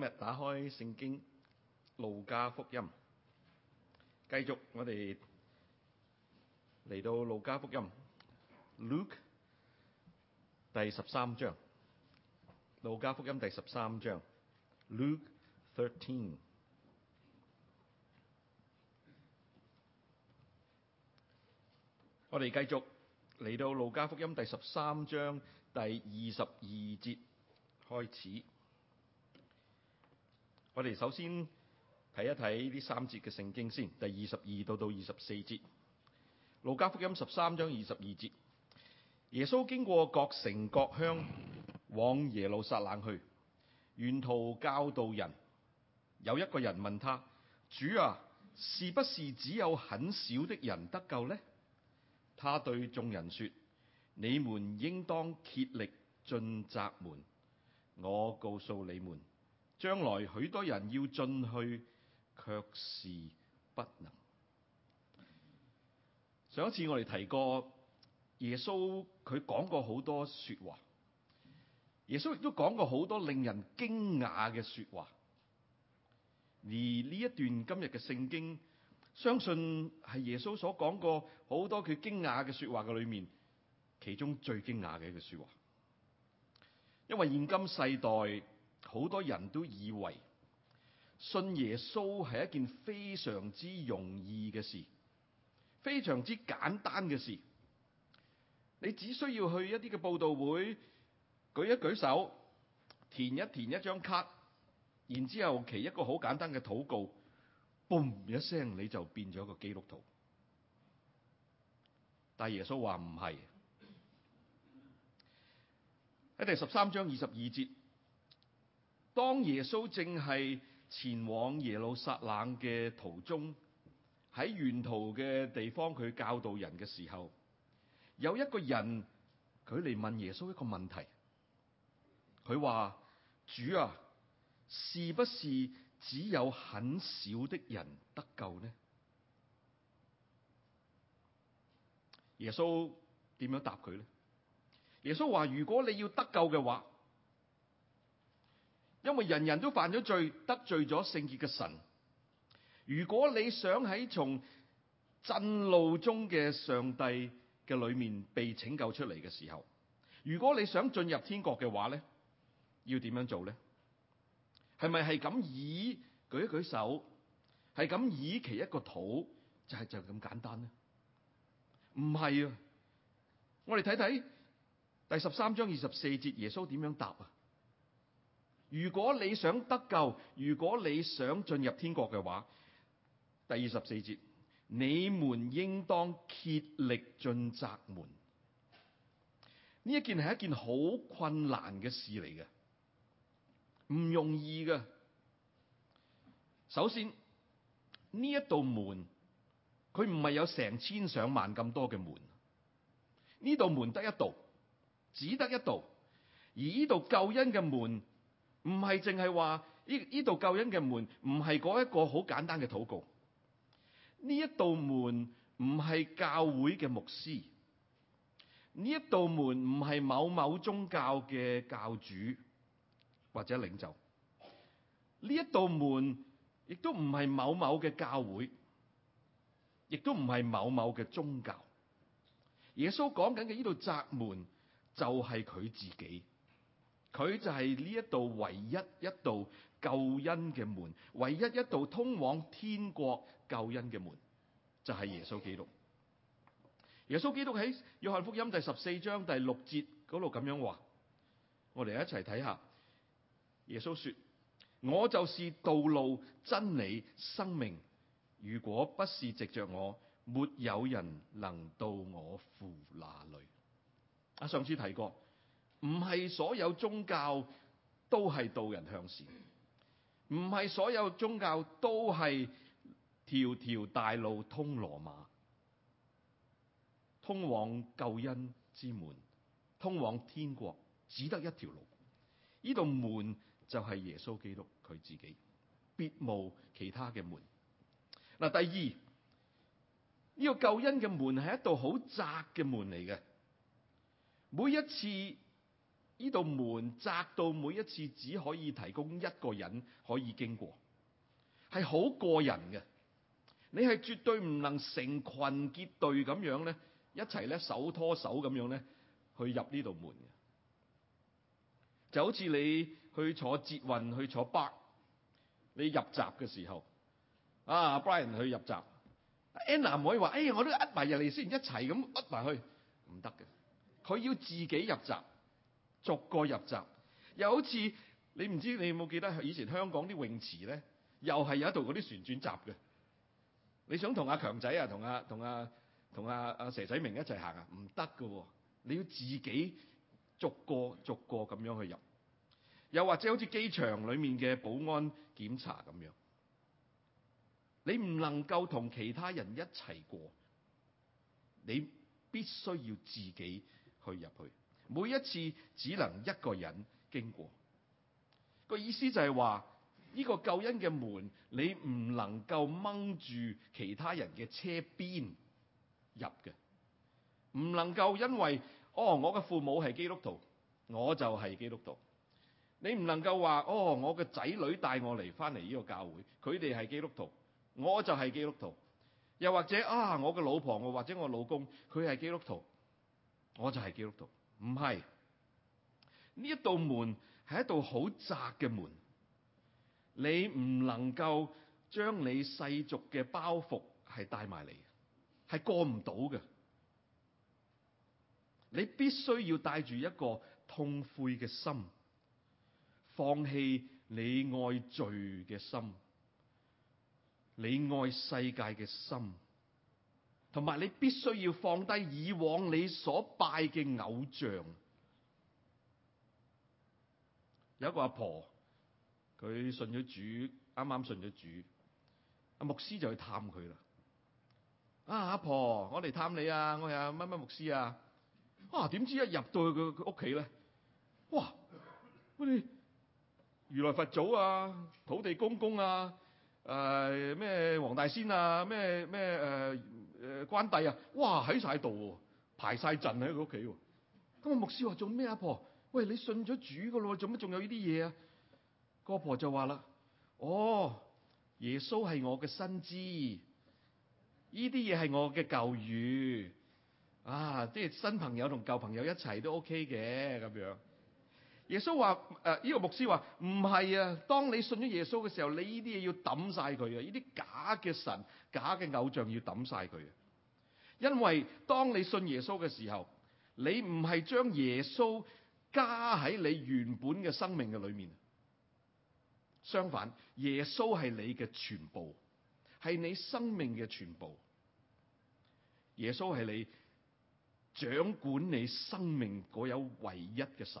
今日打開聖經路加福音，繼續我哋嚟到路加福音 Luke 第十三章，路加福音第十三章 Luke Thirteen。我哋繼續嚟到路加福音第十三章第二十二節開始。我哋首先睇一睇呢三節嘅聖經先，第二十二到到二十四節，路加福音十三章二十二節，耶穌經過各城各鄉往耶路撒冷去，沿途教導人。有一個人問他：主啊，是不是只有很少的人得救呢？他對眾人說：你們應當竭力進窄門。我告訴你們。將來許多人要進去，卻是不能。上一次我哋提過，耶穌佢講過好多說話，耶穌亦都講過好多令人驚訝嘅說話。而呢一段今日嘅聖經，相信係耶穌所講過好多佢驚訝嘅說話嘅裏面，其中最驚訝嘅一句說話，因為現今世代，好多人都以為信耶穌係一件非常之容易嘅事，非常之簡單嘅事。你只需要去一啲嘅佈道會，舉一舉手，填一填一張卡，然之後祈一個好簡單嘅禱告，嘣一聲你就變咗個基督徒。但耶穌話唔係。喺第十三章二十二當耶穌正係前往耶路撒冷嘅途中，喺沿途嘅地方佢教導人嘅時候，有一個人佢嚟問耶穌一個問題，佢話：主啊，是不是只有很少的人得救呢？耶穌點樣答佢呢？耶穌話：如果你要得救嘅話，因為人人都犯咗罪，得罪咗聖潔嘅神。如果你想喺從震怒中嘅上帝嘅裏面被拯救出嚟嘅時候，如果你想進入天國嘅話咧，要點樣做咧？係咪係咁易舉一舉手，係咁易祈一個禱，就係就咁簡單咧？唔係啊！我哋睇睇第十三章二十四節，耶穌點樣答啊？如果你想得救，如果你想進入天國嘅話，第二十四節，你們應當竭力進窄門。呢一件係一件好困難嘅事嚟嘅，唔容易嘅。首先呢一道門，佢唔係有成千上萬咁多嘅門，呢道門得一道，只得一道，而呢道救恩嘅門。唔係淨係話呢，呢度救恩嘅門，唔係一個好簡單嘅禱告。呢一道門唔係教會嘅牧師，呢一道門唔係某某宗教嘅教主或者領袖。呢一道門亦都唔係某某嘅教會，亦都唔係某某嘅宗教。耶穌講緊嘅呢度窄門就係佢自己。佢就係呢一道唯一一道救恩嘅門，唯一一道通往天國救恩嘅門，就係耶穌基督。耶穌基督喺約翰福音第十四章第六節嗰度咁樣話，我哋一齊睇下。耶穌說：我就是道路、真理、生命。如果不是藉着我，沒有人能到我父那裏。啊，上次提過。唔係所有宗教都係導人向善，唔係所有宗教都係條條大路通羅馬，通往救恩之門，通往天國，只得一條路。呢道門就係耶穌基督佢自己，別冇其他嘅門。嗱，第二呢、呢個救恩嘅門係一道好窄嘅門嚟嘅，每一次。呢道門窄到每一次只可以提供一個人可以經過，係好個人嘅。你係絕對唔能成群結隊咁樣咧，一齊咧手拖手咁樣咧去入呢道門嘅。就好似你去坐捷運去坐北，你入閘嘅時候，啊 Brian 去入閘，Anna 唔可以話，哎，我都噏埋人嚟先，一齊咁噏埋去，唔得嘅。佢要自己入閘。逐個入閘，又好似你唔知你有冇記得以前香港啲泳池咧，又係有一度嗰啲旋轉閘嘅。你想同阿強仔啊、同阿同阿同阿阿蛇仔明一齊行啊？唔得喎。你要自己逐個逐個咁樣去入。又或者好似機場裏面嘅保安檢查咁樣，你唔能夠同其他人一齊過，你必須要自己去入去。每一次只能一個人經過。個意思就係話：呢個救恩嘅門，你唔能夠掹住其他人嘅車邊入嘅，唔能夠因為哦，我嘅父母係基督徒，我就係基督徒。你唔能夠話哦，我嘅仔女帶我嚟翻嚟呢個教會，佢哋係基督徒，我就係基督徒。又或者啊，我嘅老婆，我或者我老公佢係基督徒，我就係基督徒。唔係，呢一道門係一道好窄嘅門，你唔能夠將你世俗嘅包袱係帶埋嚟，係過唔到嘅。你必須要帶住一個痛悔嘅心，放棄你愛罪嘅心，你愛世界嘅心。同埋你必須要放低以往你所拜嘅偶像。有一個阿婆，佢信咗主，啱啱信咗主，阿牧師就去探佢啦。啊，阿婆，我嚟探你啊，我係阿乜乜牧師啊。啊，點知一入到去佢佢屋企咧，哇，嗰啲如來佛祖啊，土地公公啊，誒咩黃大仙啊，咩咩誒。誒關帝啊，哇喺晒度喎，排晒陣喺佢屋企喎。咁啊牧師話做咩，阿婆？喂，你信咗主噶咯，做乜仲有呢啲嘢啊？個婆，婆就話啦：哦，耶穌係我嘅新知，呢啲嘢係我嘅舊語，啊，即係新朋友同舊朋友一齊都 OK 嘅咁樣。耶穌話：誒，呢個牧師話唔係啊。當你信咗耶穌嘅時候，你呢啲嘢要抌晒佢啊！呢啲假嘅神、假嘅偶像要抌晒佢啊！因為當你信耶穌嘅時候，你唔係將耶穌加喺你原本嘅生命嘅裏面，相反，耶穌係你嘅全部，係你生命嘅全部。耶穌係你掌管你生命嗰有唯一嘅神。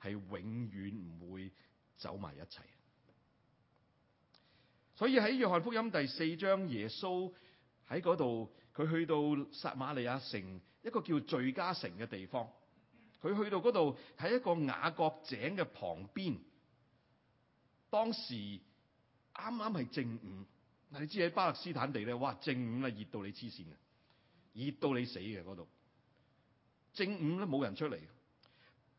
係永遠唔會走埋一齊，所以喺約翰福音第四章，耶穌喺嗰度，佢去到撒馬利亞城，一個叫敘加城嘅地方，佢去到嗰度喺一個雅各井嘅旁邊，當時啱啱係正午，你知喺巴勒斯坦地咧，哇，正午啊，熱到你黐線嘅，熱到你死嘅嗰度，正午咧冇人出嚟。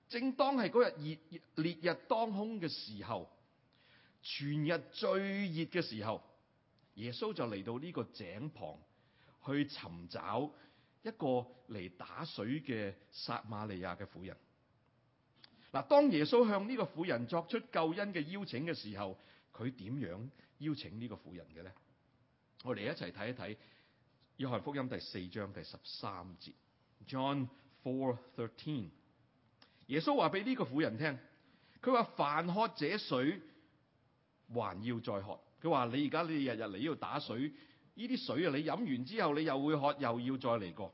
正當係嗰日熱烈日當空嘅時候，全日最熱嘅時候，耶穌就嚟到呢個井旁去尋找一個嚟打水嘅撒瑪利亞嘅婦人。嗱，當耶穌向呢個婦人作出救恩嘅邀請嘅時候，佢點樣邀請這個婦呢個婦人嘅咧？我哋一齊睇一睇《約翰福音》第四章第十三節。John four thirteen。耶穌話俾呢個婦人聽，佢話：凡喝這水，還要再渴。佢話，你而家你日日嚟呢度打水，呢啲水啊，你飲完之後你又會渴，又要再嚟過。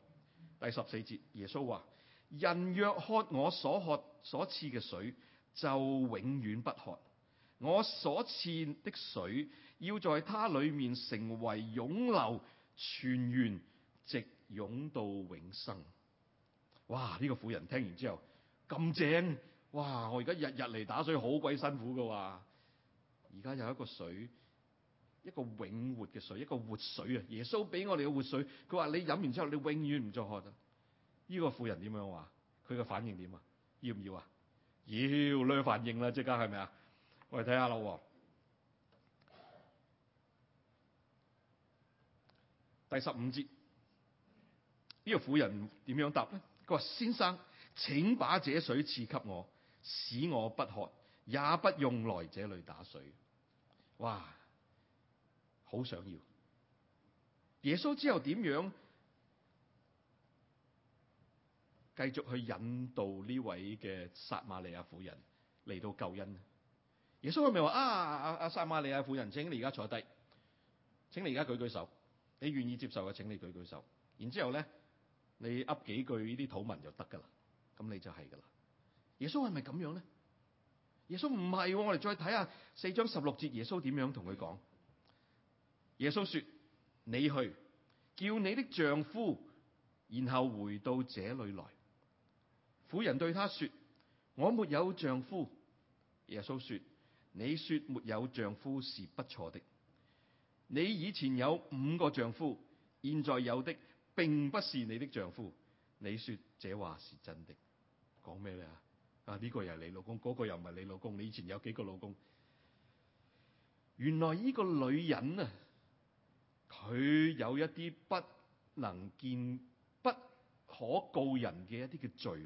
第十四節，耶穌話：人若喝我所喝所賜嘅水，就永遠不渴。我所賜的水，要在他裏面成為湧流泉源直湧到永生。哇！呢、這個婦人聽完之後，咁正哇！我而家日日嚟打水好鬼辛苦噶哇！而家有一個水，一個永活嘅水，一個活水啊！耶穌俾我哋嘅活水，佢話你飲完之後，你永遠唔再渴得。呢、呢個婦人點樣話？佢嘅反應點啊？要唔要啊？妖，兩反應啦，即刻係咪啊？我哋睇下老王。第十五節，呢個、呢個婦人點樣答咧？佢話先生。請把這水賜給我，使我不渴，也不用來這裏打水。哇，好想要！耶穌之後點樣繼續去引導呢位嘅撒瑪利亞婦人嚟到救恩呢？耶穌係咪話啊？阿、啊、撒瑪利亞婦人，請你而家坐低，請你而家舉舉手，你願意接受嘅，請你舉舉手。然之後咧，你噏幾句呢啲土文就得噶啦。咁你就係噶啦，耶穌係咪咁樣呢？耶穌唔係。我哋再睇下四章十六節，耶穌點樣同佢講。耶穌說：你去叫你的丈夫，然後回到這裏來。婦人對他說：我沒有丈夫。耶穌說：你說沒有丈夫是不錯的。你以前有五個丈夫，現在有的並不是你的丈夫。你說這話是真的。講咩咧？啊！呢個又係你老公，嗰個又唔係你老公。你以前有幾個老公？原來呢個女人啊，佢有一啲不能見、不可告人嘅一啲嘅罪。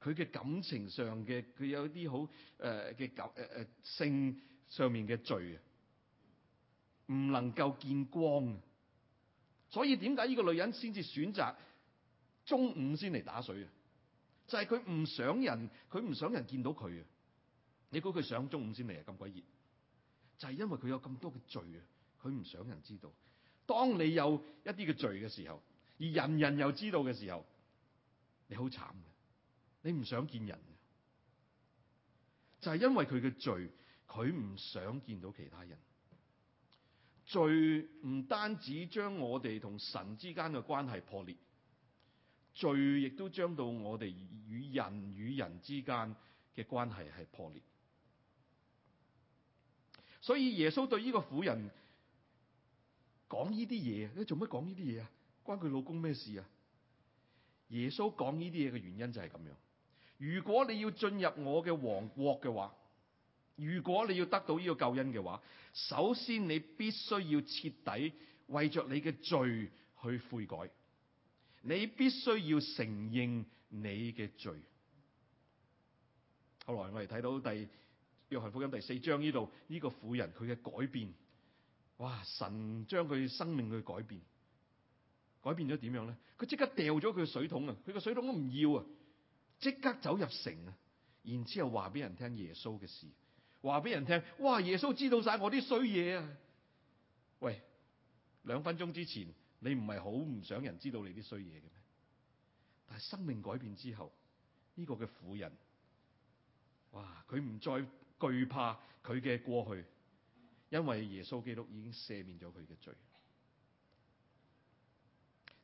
佢嘅感情上嘅，佢有一啲好誒嘅感誒誒性上面嘅罪啊，唔能夠見光。所以點解呢個女人先至選擇中午先嚟打水啊？就係佢唔想人，佢唔想人見到佢啊！你估佢上中午先嚟啊？咁鬼熱，就係因為佢有咁多嘅罪啊！佢唔想人知道。當你有一啲嘅罪嘅時候，而人人又知道嘅時候，你好慘嘅，你唔想見人嘅，就係因為佢嘅罪，佢唔想見到其他人。罪唔單止將我哋同神之間嘅關係破裂。罪亦都將到我哋與人與人之間嘅關係係破裂，所以耶穌對呢個婦人講呢啲嘢，你做乜講呢啲嘢啊？關佢老公咩事啊？耶穌講呢啲嘢嘅原因就係咁樣。如果你要進入我嘅王國嘅話，如果你要得到呢個救恩嘅話，首先你必須要徹底為著你嘅罪去悔改。你必須要承認你嘅罪。後來我哋睇到第約翰福音第四章呢度呢個婦人佢嘅改變，哇！神將佢生命去改變，改變咗點樣咧？佢即刻掉咗佢嘅水桶啊！佢嘅水桶都唔要啊！即刻走入城啊！然之後話俾人聽耶穌嘅事，話俾人聽哇！耶穌知道晒我啲衰嘢啊！喂，兩分鐘之前。你唔係好唔想人知道你啲衰嘢嘅咩？但係生命改變之後，呢個嘅婦人，哇，佢唔再懼怕佢嘅過去，因為耶穌基督已經赦免咗佢嘅罪。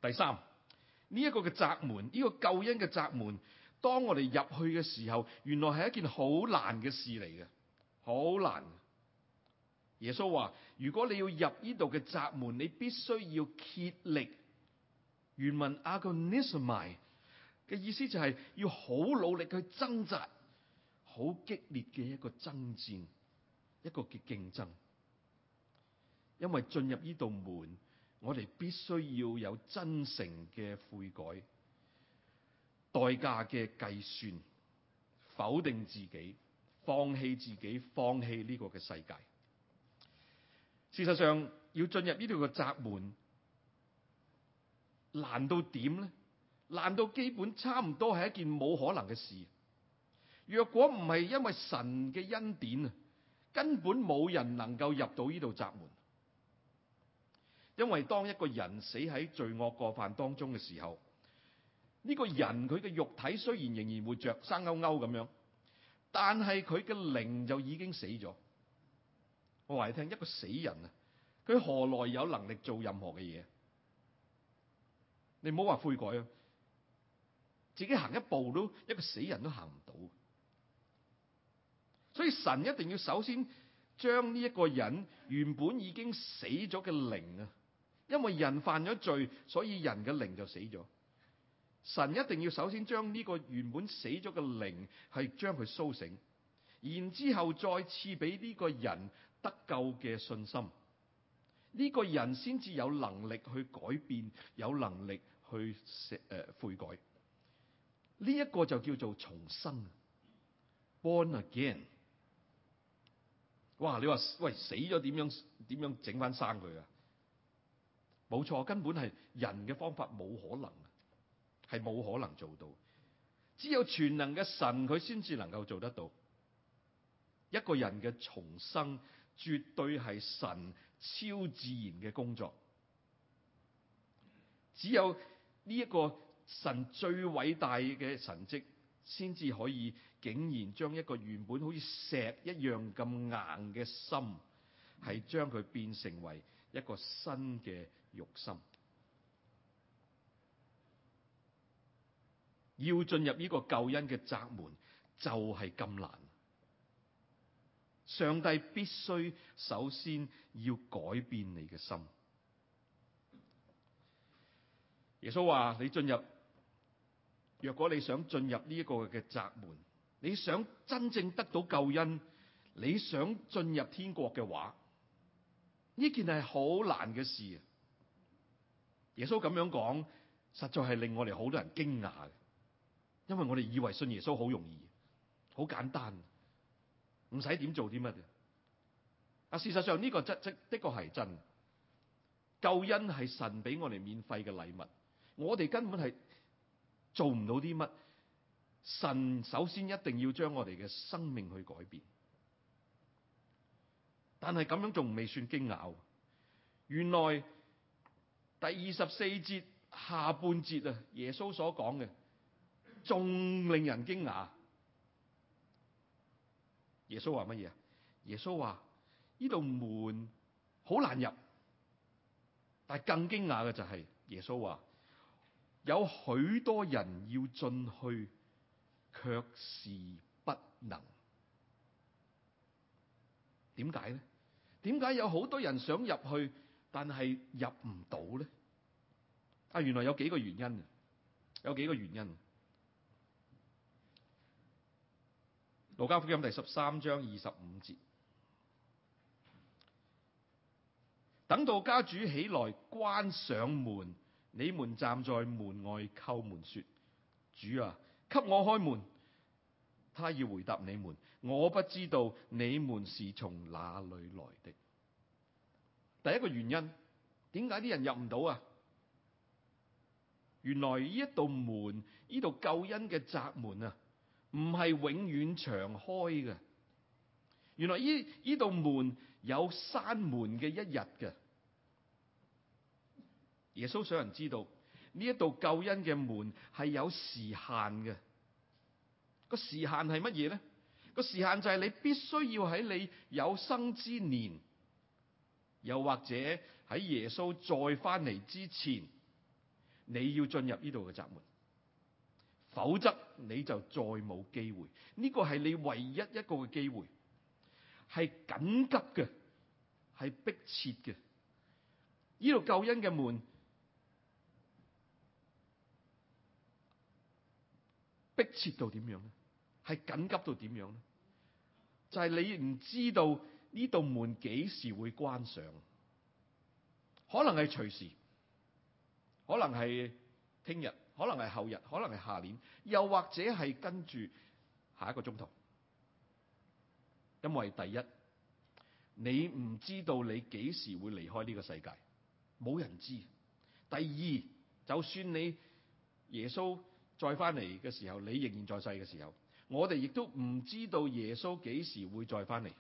第三，呢一個嘅窄門，呢個救恩嘅窄門，當我哋入去嘅時候，原來係一件好難嘅事嚟嘅，好難。耶穌話，如果你要入呢度嘅窄門，你必須要竭力。原文 agonism 嘅意思就係、是、要好努力去掙扎，好激烈嘅一個爭戰，一個嘅競爭。因為進入呢度門，我哋必須要有真誠嘅悔改，代價嘅計算，否定自己，放棄自己，放棄呢個嘅世界。事實上，要進入呢度嘅窄門，難到點咧？難到基本差唔多係一件冇可能嘅事？若果唔係因為神嘅恩典啊，根本冇人能夠入到呢度窄門。因為當一個人死喺罪惡過犯當中嘅時候，呢、呢個人佢嘅肉體雖然仍然活着，生勾勾咁樣，但係佢嘅靈就已經死咗。我話你聽，一個死人啊，佢何來有能力做任何嘅嘢？你唔好話悔改啊，自己行一步都，一個死人都行唔到。所以神一定要首先將呢一個人原本已經死咗嘅靈啊，因為人犯咗罪，所以人嘅靈就死咗。神一定要首先將呢個原本死咗嘅靈係將佢甦醒，然之後再賜俾呢個人。得救嘅信心，呢個人先至有能力去改變，有能力去誒悔改。呢一個就叫做重生，born again。哇！你話喂，死咗點樣點樣整翻生佢啊？冇錯，根本係人嘅方法冇可能，係冇可能做到。只有全能嘅神佢先至能夠做得到。一個人嘅重生。絕對係神超自然嘅工作，只有呢一個神最偉大嘅神蹟，先至可以竟然將一個原本好似石一樣咁硬嘅心，係將佢變成為一個新嘅肉心。要進入呢個救恩嘅窄門，就係咁難。上帝必須首先要改變你嘅心。耶穌話：你進入，若果你想進入呢一個嘅窄門，你想真正得到救恩，你想進入天國嘅話，呢件係好難嘅事。耶穌咁樣講，實在係令我哋好多人驚訝嘅，因為我哋以為信耶穌好容易，好簡單。唔使點做啲乜嘅？事實上呢個的確係真，救恩係神俾我哋免費嘅禮物，我哋根本係做唔到啲乜。神首先一定要將我哋嘅生命去改變，但係咁樣仲未算驚訝。原來第二十四節下半節啊，耶穌所講嘅仲令人驚訝。耶穌話乜嘢啊？耶穌話：呢度門好難入，但係更驚訝嘅就係耶穌話，有許多人要進去，卻是不能。點解咧？點解有好多人想入去，但係入唔到咧？啊，原來有幾個原因啊，有幾個原因。路加福音第十三章二十五節，等到家主起來關上門，你們站在門外叩門說：主啊，給我開門。他要回答你們：我不知道你們是從哪裏來的。第一個原因，點解啲人入唔到啊？原來呢一道門，呢道救恩嘅窄門啊！唔係永遠長開嘅，原來呢呢道門有閂門嘅一日嘅。耶穌想人知道呢一道救恩嘅門係有時限嘅，個時限係乜嘢咧？個時限就係你必須要喺你有生之年，又或者喺耶穌再翻嚟之前，你要進入呢度嘅窄門。否則你就再冇機會，呢個係你唯一一個嘅機會，係緊急嘅，係迫切嘅。呢度救恩嘅門迫切到點樣咧？係緊急到點樣咧？就係你唔知道呢道門幾時會關上，可能係隨時，可能係聽日。可能係後日，可能係下年，又或者係跟住下一個鐘頭。因為第一，你唔知道你幾時會離開呢個世界，冇人知。第二，就算你耶穌再翻嚟嘅時候，你仍然在世嘅時候，我哋亦都唔知道耶穌幾時會再翻嚟。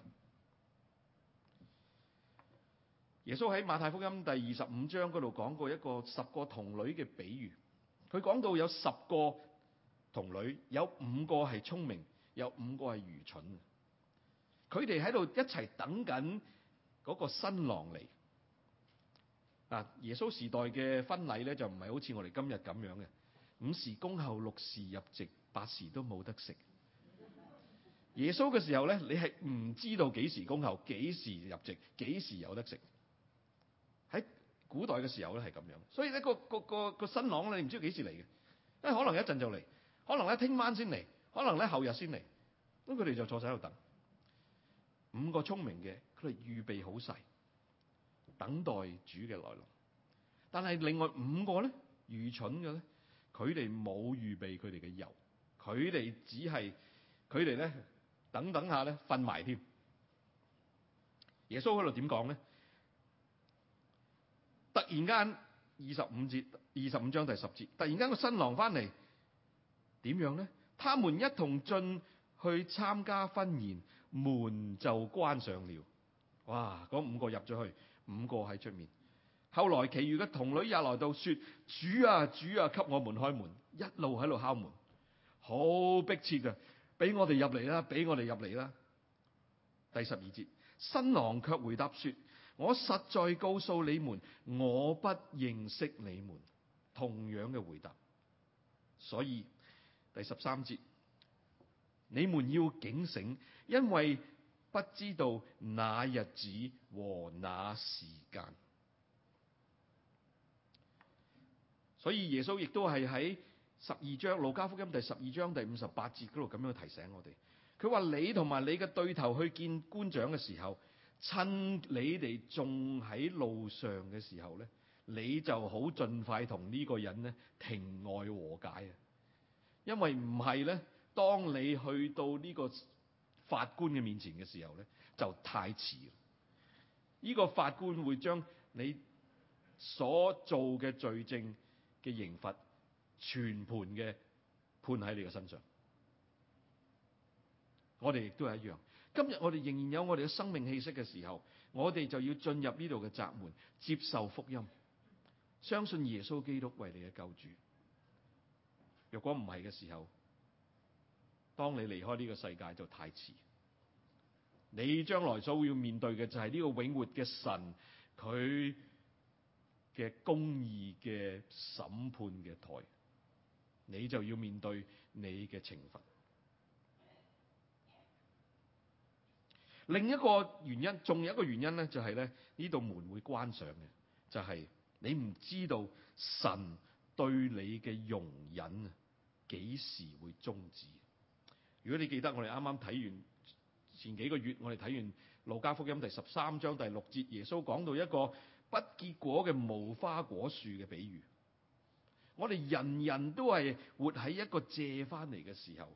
耶穌喺馬太福音第二十五章嗰度講過一個十個童女嘅比喻。佢講到有十個童女，有五個係聰明，有五個係愚蠢。佢哋喺度一齊等緊嗰個新郎嚟。啊！耶穌時代嘅婚禮咧，就唔係好似我哋今日咁樣嘅，五時恭候，六時入席，八時都冇得食。耶穌嘅時候咧，你係唔知道幾時恭候、幾時入席、幾時有得食。喺古代嘅時候咧係咁樣，所以咧、個個、個個個、個個新郎你唔知幾時嚟嘅，因為可能一陣就嚟，可能咧聽晚先嚟，可能咧後日先嚟，咁佢哋就坐喺度等。五個聰明嘅佢哋預備好曬，等待主嘅來臨。但係另外五個咧愚蠢嘅咧，佢哋冇預備佢哋嘅油，佢哋只係佢哋咧等等下咧瞓埋添。耶穌喺度點講咧？突然間二十五節二十五章第十節，突然間個新郎翻嚟，點樣呢？他們一同進去參加婚宴，門就關上了。哇！嗰五個入咗去，五個喺出面。後來其餘嘅童女也來到，說：主啊，主啊，給我們開門！一路喺度敲門，好迫切嘅，俾我哋入嚟啦，俾我哋入嚟啦。第十二節，新郎卻回答說。我實在告訴你們，我不認識你們，同樣嘅回答。所以第十三節，你們要警醒，因為不知道那日子和那時間。所以耶穌亦都係喺十二章路加福音第十二章第五十八節嗰度咁樣提醒我哋。佢話你同埋你嘅對頭去見官長嘅時候。趁你哋仲喺路上嘅時候咧，你就好盡快同呢個人咧庭外和解啊！因為唔係咧，當你去到呢個法官嘅面前嘅時候咧，就太遲。呢、這個法官會將你所做嘅罪證嘅刑罰全盤嘅判喺你嘅身上。我哋亦都係一樣。今日我哋仍然有我哋嘅生命氣息嘅時候，我哋就要進入呢度嘅閘門，接受福音，相信耶穌基督為你嘅救主。若果唔係嘅時候，當你離開呢個世界就太遲。你將來所要面對嘅就係呢個永活嘅神，佢嘅公義嘅審判嘅台，你就要面對你嘅懲罰。另一個原因，仲有一個原因咧，就係咧，呢道門會關上嘅，就係你唔知道神對你嘅容忍幾時會終止。如果你記得我哋啱啱睇完前幾個月，我哋睇完《路加福音》第十三章第六節，耶穌講到一個不結果嘅無花果樹嘅比喻。我哋人人都係活喺一個借翻嚟嘅時候，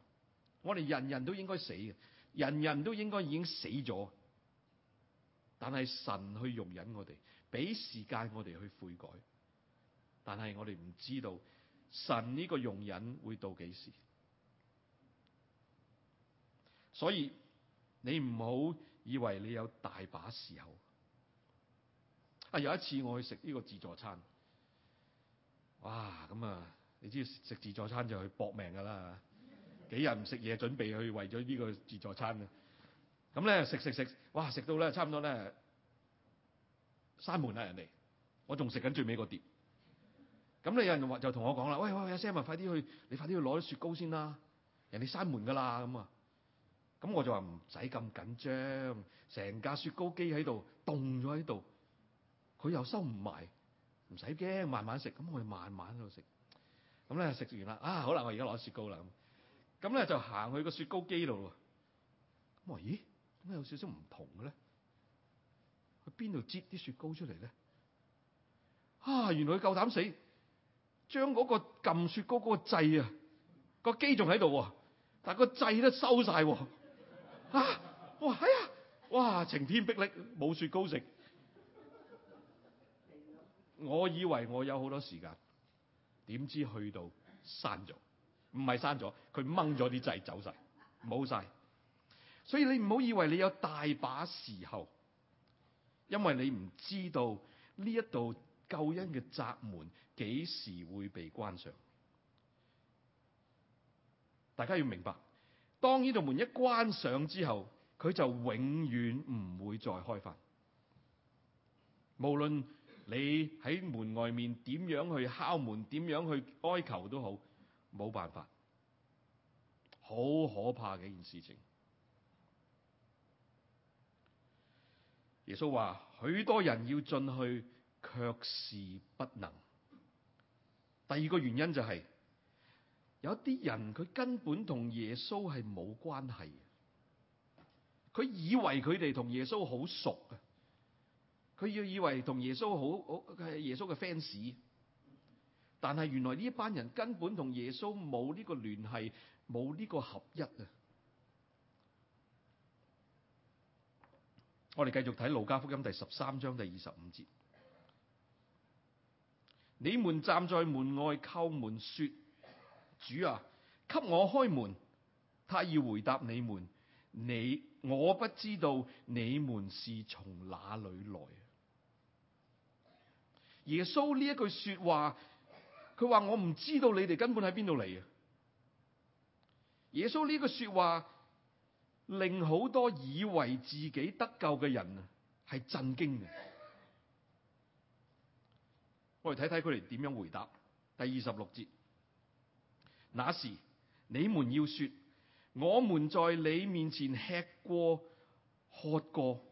我哋人人都應該死嘅。人人都應該已經死咗，但係神去容忍我哋，俾時間我哋去悔改。但係我哋唔知道神呢個容忍會到幾時，所以你唔好以為你有大把時候。啊，有一次我去食呢個自助餐，哇！咁啊，你知食自助餐就去搏命㗎喇。幾日唔食嘢，準備去為咗呢個自助餐。咁咧食食食，哇！食到咧差唔多咧閂門啦！人哋我仲食緊最尾個碟。咁你有人就同我講啦：喂喂，阿 Sam，快啲去，你快啲去攞啲雪糕先啦！人哋閂門噶啦咁啊。咁我就話唔使咁緊張，成架雪糕機喺度凍咗喺度，佢又收唔埋，唔使驚，慢慢食。咁我哋慢慢喺度食。咁咧食完啦，啊好啦，我而家攞雪糕啦。咁咧就行去個雪糕機度，我咦，點解有少少唔同嘅咧？去邊度擠啲雪糕出嚟咧？啊，原來佢夠膽死，將嗰個撳雪糕嗰個掣啊，個機仲喺度，但個掣都收晒。啊，我哎呀，哇，晴天霹靂，冇雪糕食。我以為我有好多時間，點知去到閂咗。唔係閂咗，佢掹咗啲掣走晒，冇晒。所以你唔好以為你有大把時候，因為你唔知道呢一道救恩嘅閘門幾時會被關上。大家要明白，當呢道門一關上之後，佢就永遠唔會再開返。無論你喺門外面點樣去敲門、點樣去哀求都好。冇辦法，好可怕嘅一件事情。耶穌話，許多人要進去，卻是不能。第二個原因就係有啲人，佢根本同耶穌係冇關係嘅，佢以為佢哋同耶穌好熟，佢要以為同耶穌好好係耶穌嘅 fans。但係原來呢一班人根本同耶穌冇呢個聯繫，冇呢個合一啊！我哋繼續睇路加福音第十三章第二十五節：你們站在門外叩門說：主啊，給我開門。他要回答你們：你，我不知道你們是從哪裏來。耶穌呢一句說話。佢話我唔知道你哋根本喺邊度嚟啊！耶穌呢句說話令好多以為自己得救嘅人啊，係震驚嘅。我哋睇睇佢哋點樣回答。第二十六節，那時你們要說，我們在你面前吃過喝過，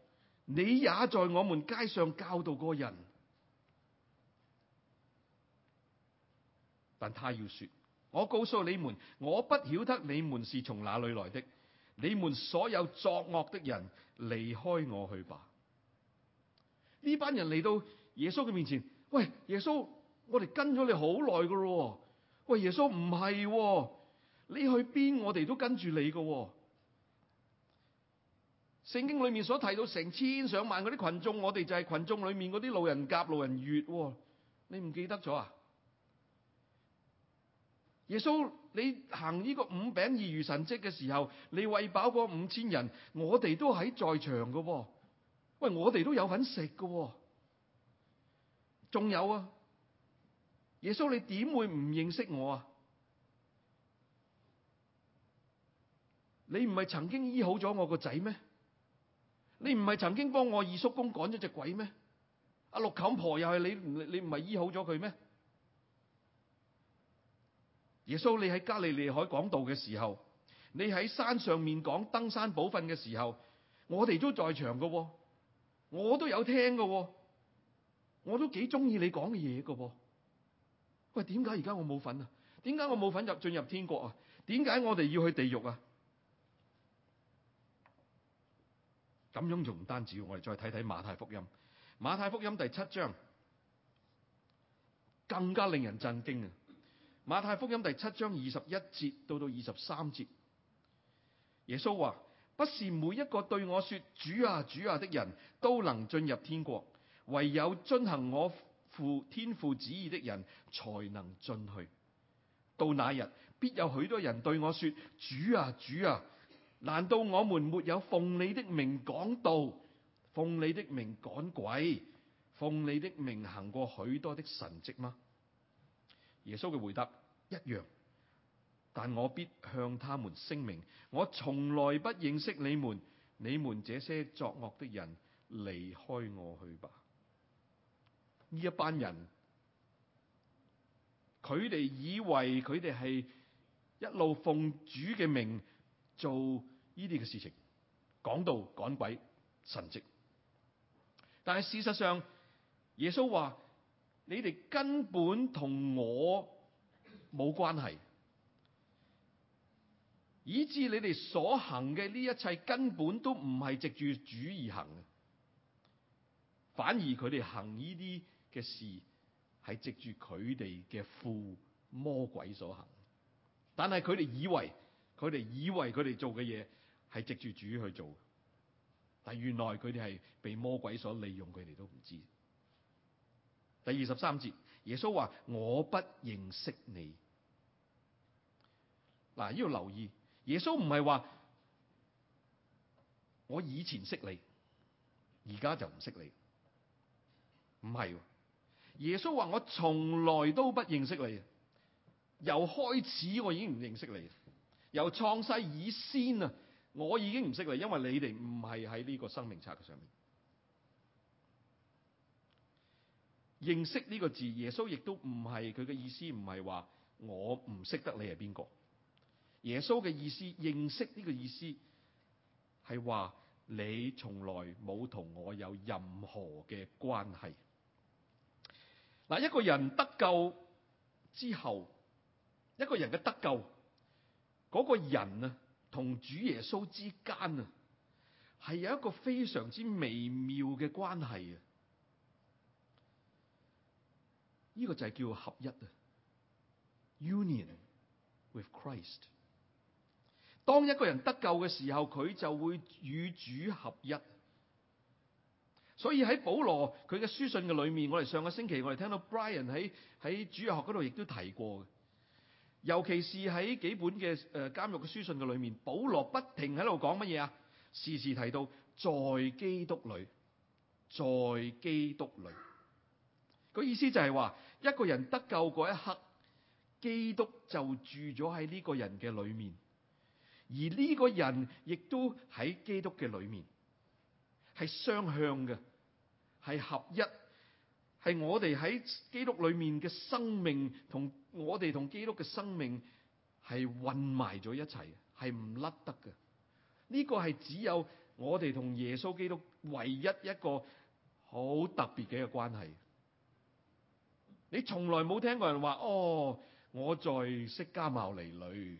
你也在我們街上教導過人。但他要說：我告訴你們，我不曉得你們是從哪裏來的。你們所有作惡的人，離開我去吧。呢班人嚟到耶穌嘅面前，喂，耶穌，我哋跟咗你好耐噶啦。喂，耶穌唔係，哦，你去邊我哋都跟住你噶，哦。聖經裏面所提到成千上萬嗰啲群眾，我哋就係群眾裏面嗰啲路人甲、路人乙。你唔記得咗啊？耶穌，你行呢個五餅二魚神跡嘅時候，你餵飽過五千人，我哋都喺在，在場嘅、哦，喂我哋都有份食嘅、哦，仲有啊！耶穌，你點會唔認識我啊？你唔係曾經醫好咗我個仔咩？你唔係曾經幫我二叔公趕咗隻鬼咩？阿六舅婆又係你，你唔係醫好咗佢咩？耶穌，你喺加利利海講道嘅時候，你喺山上面講登山寶訓嘅時候，我哋都在場嘅，我都有聽嘅，我都幾中意你講嘅嘢嘅。喂，點解而家我冇份啊？點解我冇份入進入天國啊？點解我哋要去地獄啊？咁樣就唔單止，要我哋再睇睇馬太福音，馬太福音第七章，更加令人震驚啊！馬太福音第七章二十一節到到二十三節，耶穌話：「不是每一個對我說主啊主啊的人都能進入天國，唯有遵行我父天父旨意的人才能進去。到那日，必有許多人對我說：主啊主啊，難道我們沒有奉你的名講道、奉你的名趕鬼、奉你的名行過許多的神蹟嗎？耶穌嘅回答。一樣，但我必向他們聲明：我從來不認識你們，你們這些作惡的人，離開我去吧！呢一班人，佢哋以為佢哋係一路奉主嘅命做呢啲嘅事情，講道、趕鬼、神蹟。但係事實上，耶穌話：你哋根本同我。冇關係，以致你哋所行嘅呢一切根本都唔係藉住主而行嘅，反而佢哋行呢啲嘅事係藉住佢哋嘅父魔鬼所行。但係佢哋以為，佢哋以為佢哋做嘅嘢係藉住主去做，但原來佢哋係被魔鬼所利用，佢哋都唔知道。第二十三節。耶穌話：我不認識你。嗱，呢度留意，耶穌唔係話我以前識你，而家就唔識你。唔係，耶穌話我從來都不認識你。由開始我已經唔認識你，由創世以先啊，我已經唔識你，因為你哋唔係喺呢個生命冊上面。認識呢個字，耶穌亦都唔係佢嘅意思，唔係話我唔識得你係邊個。耶穌嘅意思，認識呢個意思係話你從來冇同我有任何嘅關係。嗱，一個人得救之後，一個人嘅得救，嗰、那個人啊，同主耶穌之間啊，係有一個非常之微妙嘅關係啊。呢個就係叫合一啊，Union with Christ。當一個人得救嘅時候，佢就會與主合一。所以喺保羅佢嘅書信嘅裏面，我哋上個星期我哋聽到 Brian 喺喺主學嗰度亦都提過嘅。尤其是喺幾本嘅誒監獄嘅書信嘅裏面，保羅不停喺度講乜嘢啊？時時提到在基督裏，在基督裏。在基督個意思就係話，一個人得救嗰一刻，基督就住咗喺呢個人嘅裏面，而呢個人亦都喺基督嘅裏面，係雙向嘅，係合一，係我哋喺基督裏面嘅生命，同我哋同基督嘅生命係混埋咗一齊，係唔甩得嘅。呢個係只有我哋同耶穌基督唯一一個好特別嘅一個關係。你從來冇聽過人話哦，我在釋迦牟尼裏，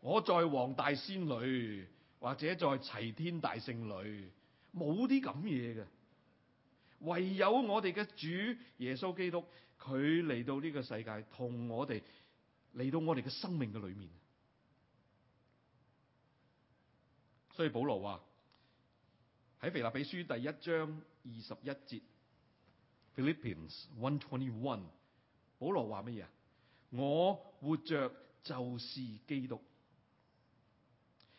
我在黃大仙裏，或者在齊天大聖裏，冇啲咁嘢嘅。唯有我哋嘅主耶穌基督，佢嚟到呢個世界，同我哋嚟到我哋嘅生命嘅裏面。所以保羅話喺腓立比書第一章二十一節。Philippians 1:21，保羅話乜嘢啊？我活着就是基督，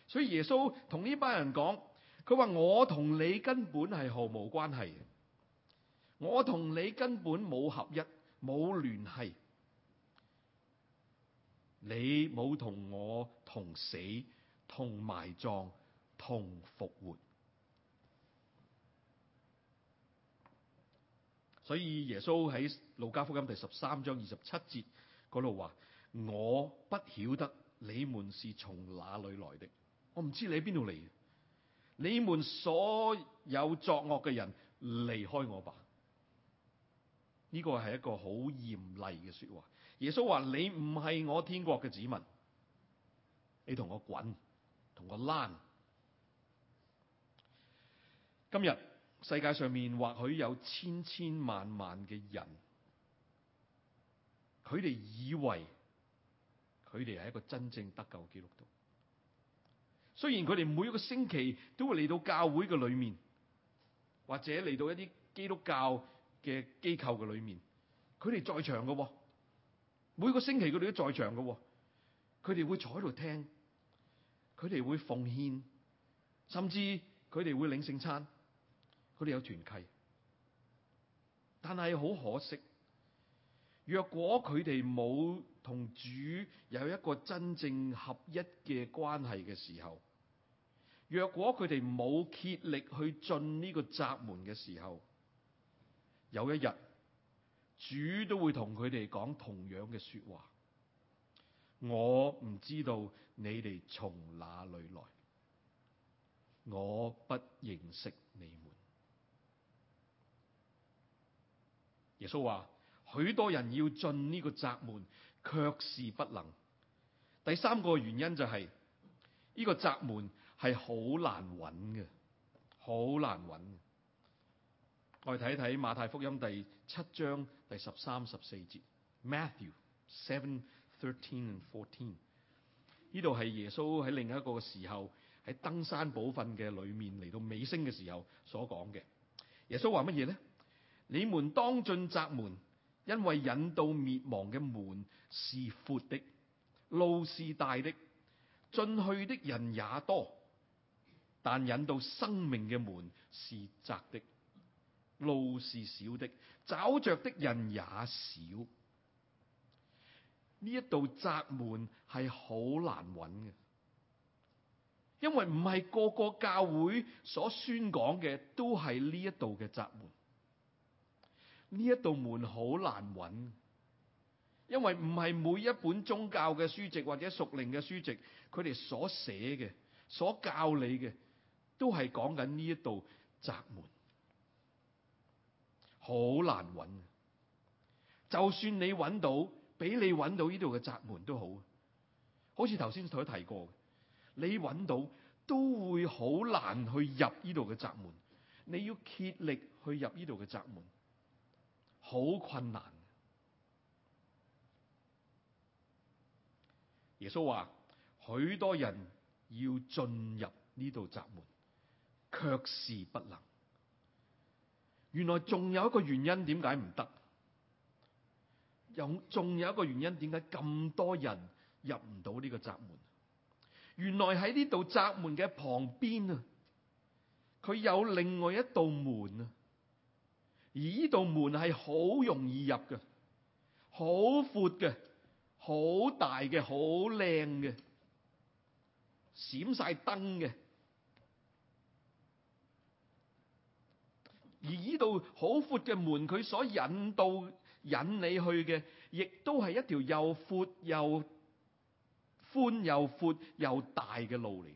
所以耶穌同呢班人講，佢話我同你根本係毫無關係嘅，我同你根本冇合一冇聯繫，你冇同我同死同埋葬同復活。所以耶穌喺路加福音第十三章二十七節嗰度話：我不曉得你們是從哪裏來的，我唔知你喺邊度嚟。你們所有作惡嘅人，離開我吧！呢個係一個好嚴厲嘅說話。耶穌話：你唔係我天國嘅子民，你同我滾，同我爛。今日。世界上面或許有千千萬萬嘅人，佢哋以為佢哋係一個真正得救嘅基督徒。雖然佢哋每一個星期都會嚟到教會嘅裏面，或者嚟到一啲基督教嘅機構嘅裏面，佢哋在場嘅，每個星期佢哋都在場嘅。佢哋會坐喺度聽，佢哋會奉獻，甚至佢哋會領聖餐。佢哋有團契，但係好可惜。若果佢哋冇同主有一個真正合一嘅關係嘅時候，若果佢哋冇竭力去進呢個窄門嘅時候，有一日主都會同佢哋講同樣嘅説話。我唔知道你哋從哪裏來，我不認識你們。耶穌話：許多人要進呢個窄門，卻是不能。第三個原因就係呢個窄門係好難揾嘅，好難揾。我哋睇一睇馬太福音第七章第十三十四節。Matthew seven thirteen and fourteen，呢度係耶穌喺另一個嘅時候喺登山寶訓嘅裡面嚟到尾聲嘅時候所講嘅。耶穌話乜嘢呢？你們當進窄門，因為引到滅亡嘅門是闊的，路是大的，進去的人也多；但引到生命嘅門是窄的，路是小的，找着的人也少。呢一道窄門係好難揾嘅，因為唔係個個教會所宣講嘅都係呢一道嘅窄門。呢一道門好難揾，因為唔係每一本宗教嘅書籍或者屬靈嘅書籍，佢哋所寫嘅、所教你嘅，都係講緊呢一道窄門，好難揾。就算你揾到，俾你揾到呢度嘅窄門都好，好似頭先同提過嘅，你揾到都會好難去入呢度嘅窄門，你要竭力去入呢度嘅窄門。好困難。耶穌話：許多人要進入呢道閘門，卻是不能。原來仲有一個原因，點解唔得？有仲有一個原因，點解咁多人入唔到呢個閘門？原來喺呢道閘門嘅旁邊啊，佢有另外一道門啊。而呢度門係好容易入嘅，好闊嘅，好大嘅，好靚嘅，閃晒燈嘅。而呢度好闊嘅門，佢所引到引你去嘅，亦都係一條又闊又寬又闊又大嘅路嚟。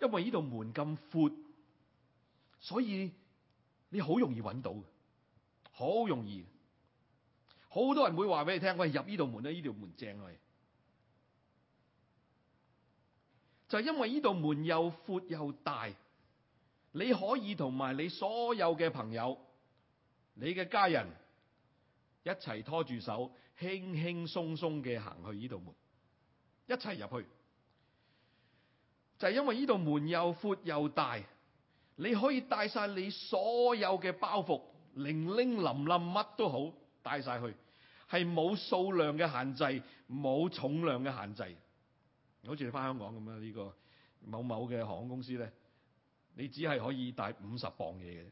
因為呢度門咁闊。所以你好容易搵到，好容易。好多人會話俾你聽，我哋入呢道門咧，呢條門正啊！就係因為呢道門又闊又大，你可以同埋你所有嘅朋友、你嘅家人一齊拖住手，輕輕鬆鬆嘅行去呢道門，一齊入去。就係因為呢道門又闊又大。你可以帶晒你所有嘅包袱，零零林林乜都好帶晒去，係冇數量嘅限制，冇重量嘅限制。好似你翻香港咁樣，呢個某某嘅航空公司咧，你只係可以帶五十磅嘢嘅，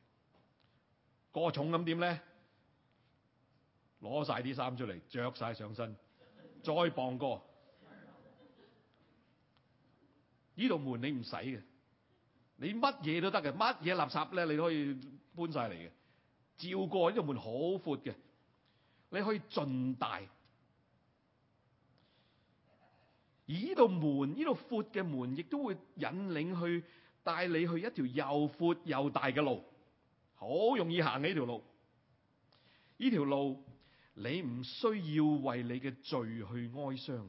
過重咁點咧？攞晒啲衫出嚟，着晒上身，再磅過，呢度門你唔使嘅。你乜嘢都得嘅，乜嘢垃圾咧，你都可以搬晒嚟嘅。照過呢度門好闊嘅，你可以盡大。而呢度門呢度闊嘅門，亦都會引領去帶你去一條又闊又大嘅路，好容易行呢條路。呢條路你唔需要為你嘅罪去哀傷，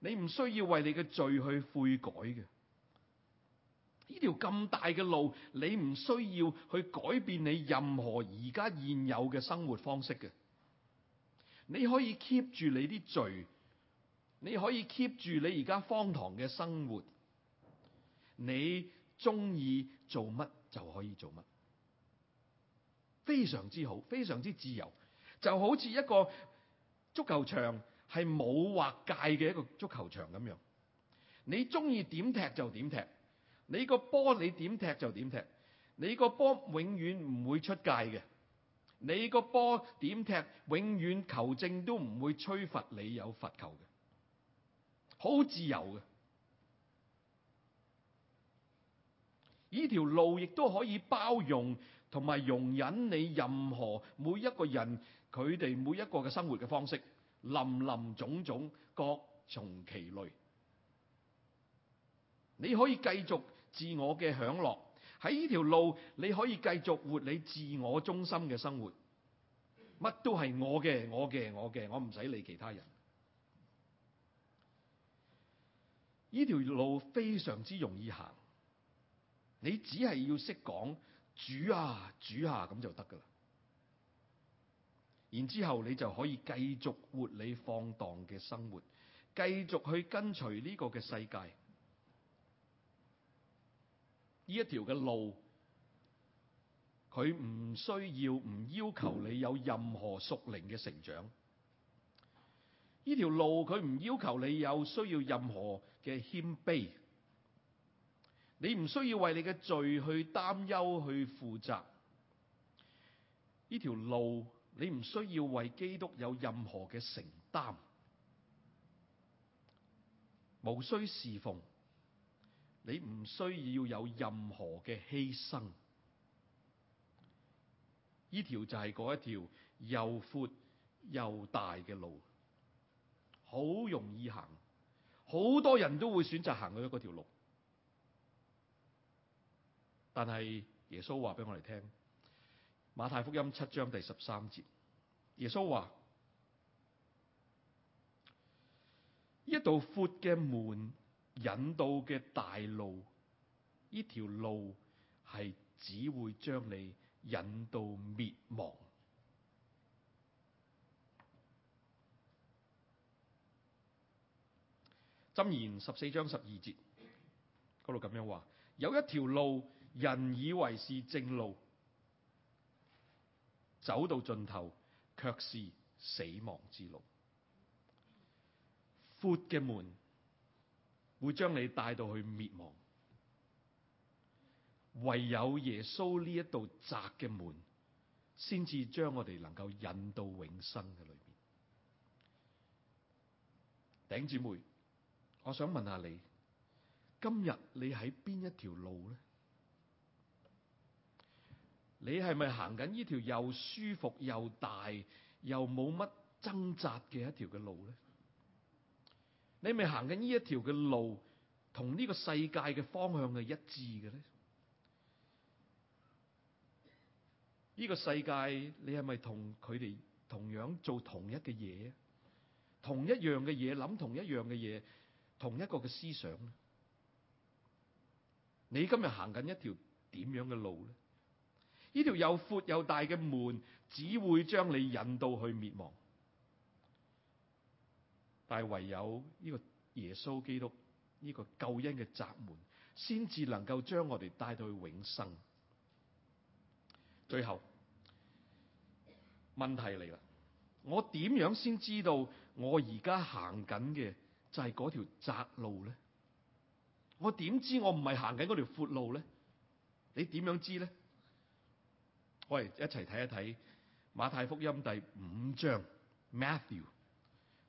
你唔需要為你嘅罪去悔改嘅。呢條咁大嘅路，你唔需要去改變你任何而家現有嘅生活方式嘅。你可以 keep 住你啲罪，你可以 keep 住你而家荒唐嘅生活，你中意做乜就可以做乜，非常之好，非常之自由，就好似一個足球場係冇劃界嘅一個足球場咁樣，你中意點踢就點踢。你個波你點踢就點踢，你個波永遠唔會出界嘅，你個波點踢永遠球證都唔會吹罰你有罰球嘅，好自由嘅。呢條路亦都可以包容同埋容忍你任何每一個人佢哋每一個嘅生活嘅方式，林林種種，各從其類，你可以繼續。自我嘅享樂，喺呢條路，你可以繼續活你自我中心嘅生活，乜都係我嘅，我嘅，我嘅，我唔使理其他人。呢條路非常之容易行，你只係要識講主啊，主啊，咁就得噶啦。然之後你就可以繼續活你放蕩嘅生活，繼續去跟隨呢個嘅世界。呢一條嘅路，佢唔需要，唔要求你有任何屬靈嘅成長。呢條路佢唔要求你有需要任何嘅謙卑，你唔需要為你嘅罪去擔憂去負責。呢條路你唔需要為基督有任何嘅承擔，無需侍奉。你唔需要有任何嘅犧牲，呢條就係嗰一條又闊又大嘅路，好容易行，好多人都會選擇行去嗰條路。但係耶穌話俾我哋聽，馬太福音七章第十三節，耶穌話：呢一道闊嘅門。引導嘅大路，呢條路係只會將你引到滅亡。箴言十四章十二節嗰度咁樣話：有一條路，人以為是正路，走到盡頭卻是死亡之路。闊嘅門。會將你帶到去滅亡，唯有耶穌呢一道窄嘅門，先至將我哋能夠引到永生嘅裏面。頂姊妹，我想問下你，今日你喺邊一條路咧？你係咪行緊呢條又舒服又大又冇乜掙扎嘅一條嘅路咧？你咪行緊呢一條嘅路，同呢個世界嘅方向係一致嘅咧？呢、呢個世界你係咪同佢哋同樣做同一嘅嘢？同一樣嘅嘢諗，同一樣嘅嘢，同一個嘅思想咧？你今日行緊一條點樣嘅路咧？呢條又闊又大嘅門，只會將你引到去滅亡。但係唯有呢個耶穌基督呢個救恩嘅窄門，先至能夠將我哋帶到去永生。最後問題嚟啦，我點樣先知道我而家行緊嘅就係嗰條窄路咧？我點知我唔係行緊嗰條闊路咧？你點樣知咧？我哋一齊睇一睇馬太福音第五章 Matthew。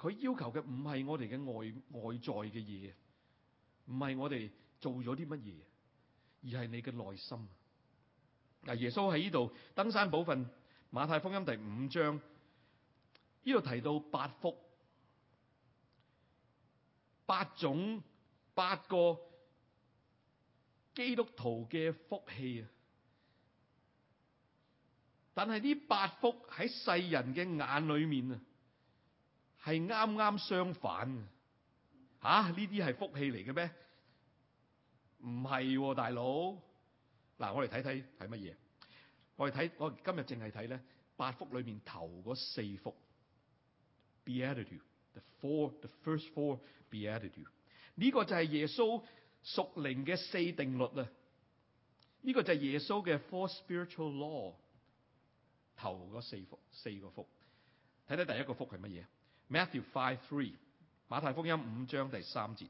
佢要求嘅唔係我哋嘅外外在嘅嘢，唔係我哋做咗啲乜嘢，而係你嘅內心。嗱，耶穌喺呢度登山寶訓馬太福音第五章，呢度提到八福，八種八個基督徒嘅福氣啊！但係呢八福喺世人嘅眼裏面啊～係啱啱相反，吓，呢啲係福氣嚟嘅咩？唔係，啊，大佬。嗱，我哋睇睇睇乜嘢？我哋睇我今日淨係睇咧八福裏面頭四福，beatitude the four the first four beatitude 呢個就係耶穌屬靈嘅四定律啊！呢、這個就係耶穌嘅 four spiritual law 頭四福，四個福，睇睇第一個福係乜嘢？Matthew five three，馬太福音五章第三節，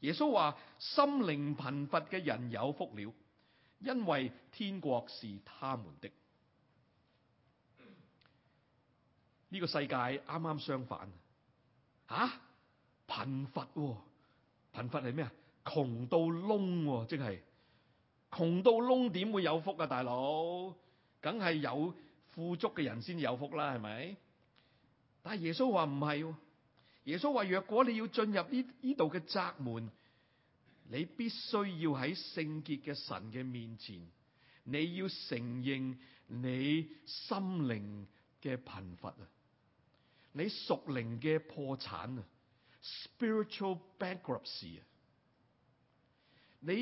耶穌話：心靈貧乏嘅人有福了，因為天國是他們的。呢、這個世界啱啱相反啊！貧乏、哦，貧乏係咩啊？窮到窿、哦，即係窮到窿，點會有福啊？大佬，梗係有富足嘅人先有福啦，係咪？但耶穌話唔係，耶穌話若果你要進入呢呢度嘅窄門，你必須要喺聖潔嘅神嘅面前，你要承認你心靈嘅貧乏啊，你屬靈嘅破產啊，spiritual bankruptcy 啊，你